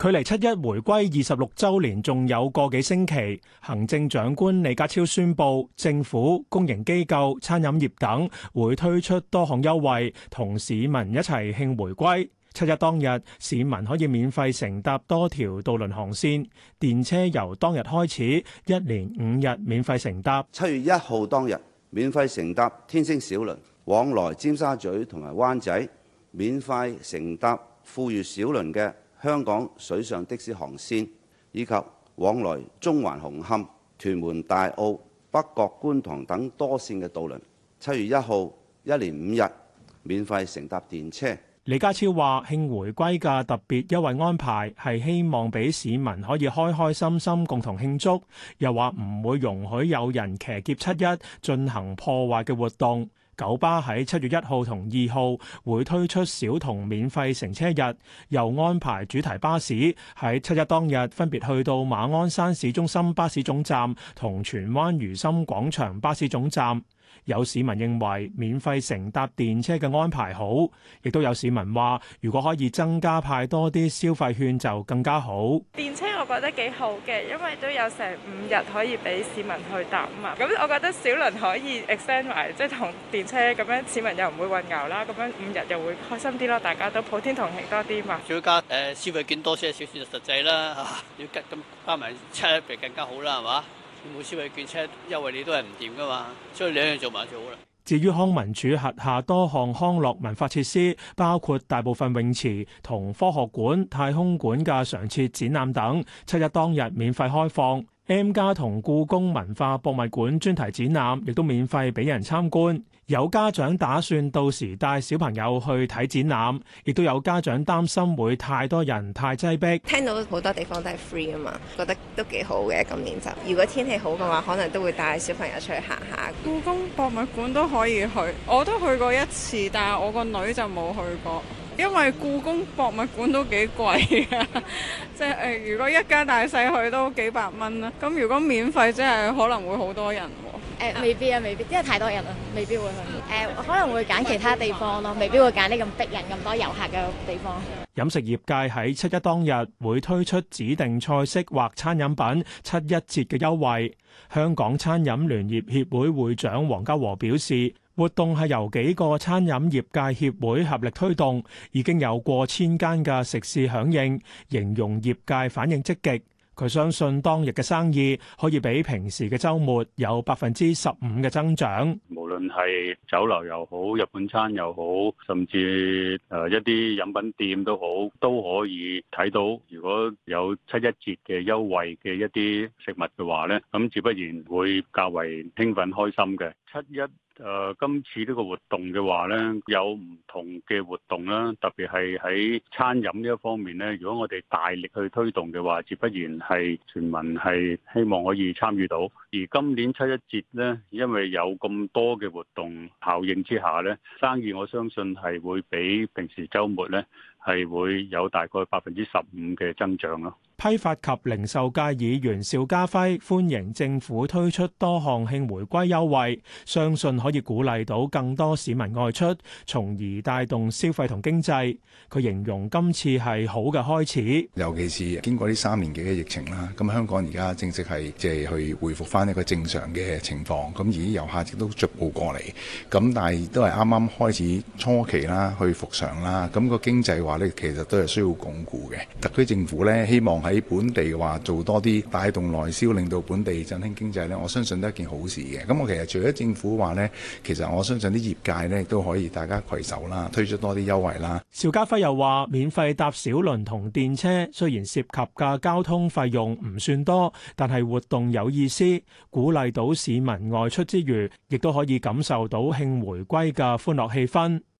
距離七一回歸二十六週年仲有個幾星期，行政長官李家超宣布，政府、公營機構、餐飲業等會推出多項優惠，同市民一齊慶回歸。七一當日，市民可以免費乘搭多條渡輪航線，電車由當日開始一連五日免費乘搭。七月一號當日，免費乘搭天星小輪往來尖沙咀同埋灣仔，免費乘搭富裕小輪嘅香港水上的士航線，以及往來中環紅磡、屯門大澳、北角觀塘等多線嘅渡輪，七月一號一連五日，年日免費乘搭電車。李家超話：慶回歸嘅特別優惠安排係希望俾市民可以開開心心共同慶祝，又話唔會容許有人騎劫七一進行破壞嘅活動。九巴喺七月一號同二號會推出小童免費乘車日，又安排主題巴士喺七一當日分別去到馬鞍山市中心巴士總站同荃灣如心廣場巴士總站。有市民認為免費乘搭電車嘅安排好，亦都有市民話，如果可以增加派多啲消費券就更加好。電車覺得幾好嘅，因為都有成五日可以俾市民去搭嘛。咁我覺得小輪可以 extend 埋，即係同電車咁樣，市民又唔會混淆啦。咁樣五日又會開心啲咯，大家都普天同慶多啲嘛。仲要加誒消費券多些少算實際啦嚇、啊，要咁加埋車咪更加好啦係嘛？冇消費券車優惠你都係唔掂㗎嘛，所以兩樣做埋最好啦。至於康文署轄下多項康樂文化設施，包括大部分泳池同科學館、太空館嘅常設展覽等，七一當日免費開放。M+ 同故宮文化博物館專題展覽亦都免費俾人參觀，有家長打算到時帶小朋友去睇展覽，亦都有家長擔心會太多人太擠迫。聽到好多地方都係 free 啊嘛，覺得都幾好嘅。今年就如果天氣好嘅話，可能都會帶小朋友出去行下。故宮博物館都可以去，我都去過一次，但係我個女就冇去過。因為故宮博物館都幾貴嘅，即係誒，如果一家大細去都幾百蚊啦。咁如果免費，就是，真係可能會好多人喎、哦呃。未必啊，未必，因為太多人啦，未必會去。誒、呃，可能會揀其他地方咯，未必會揀啲咁逼人、咁多遊客嘅地方。飲食業界喺七一當日會推出指定菜式或餐飲品七一折嘅優惠。香港餐飲聯業協會會會長黃家和表示。活動係由幾個餐飲業界協會合力推動，已經有過千間嘅食肆響應，形容業界反應積極。佢相信當日嘅生意可以比平時嘅周末有百分之十五嘅增長。無論係酒樓又好，日本餐，又好，甚至誒，一啲飲品店都好，都可以睇，到如果有七一折嘅優惠嘅一啲食物嘅話呢，咁自不然會較為興奮開心嘅七一。誒、呃，今次呢個活動嘅話呢，有唔同嘅活動啦，特別係喺餐飲呢一方面呢，如果我哋大力去推動嘅話，自不然係全民係希望可以參與到。而今年七一節呢，因為有咁多嘅活動效應之下呢，生意我相信係會比平時週末呢係會有大概百分之十五嘅增長咯。批發及零售界議員邵家輝歡迎政府推出多項慶回歸優惠，相信可以鼓勵到更多市民外出，從而帶動消費同經濟。佢形容今次係好嘅開始，尤其是經過呢三年幾嘅疫情啦，咁香港而家正式係即係去回復翻一個正常嘅情況，咁而啲遊客亦都逐步過嚟，咁但係都係啱啱開始初期啦，去復常啦，咁個經濟話咧其實都係需要鞏固嘅。特區政府咧希望係。喺本地話做多啲，帶動內銷令到本地振興經濟咧，我相信都係一件好事嘅。咁我其實除咗政府話咧，其實我相信啲業界咧都可以大家攜手啦，推出多啲優惠啦。邵家輝又話，免費搭小輪同電車，雖然涉及嘅交通費用唔算多，但係活動有意思，鼓勵到市民外出之餘亦都可以感受到慶回歸嘅歡樂氣氛。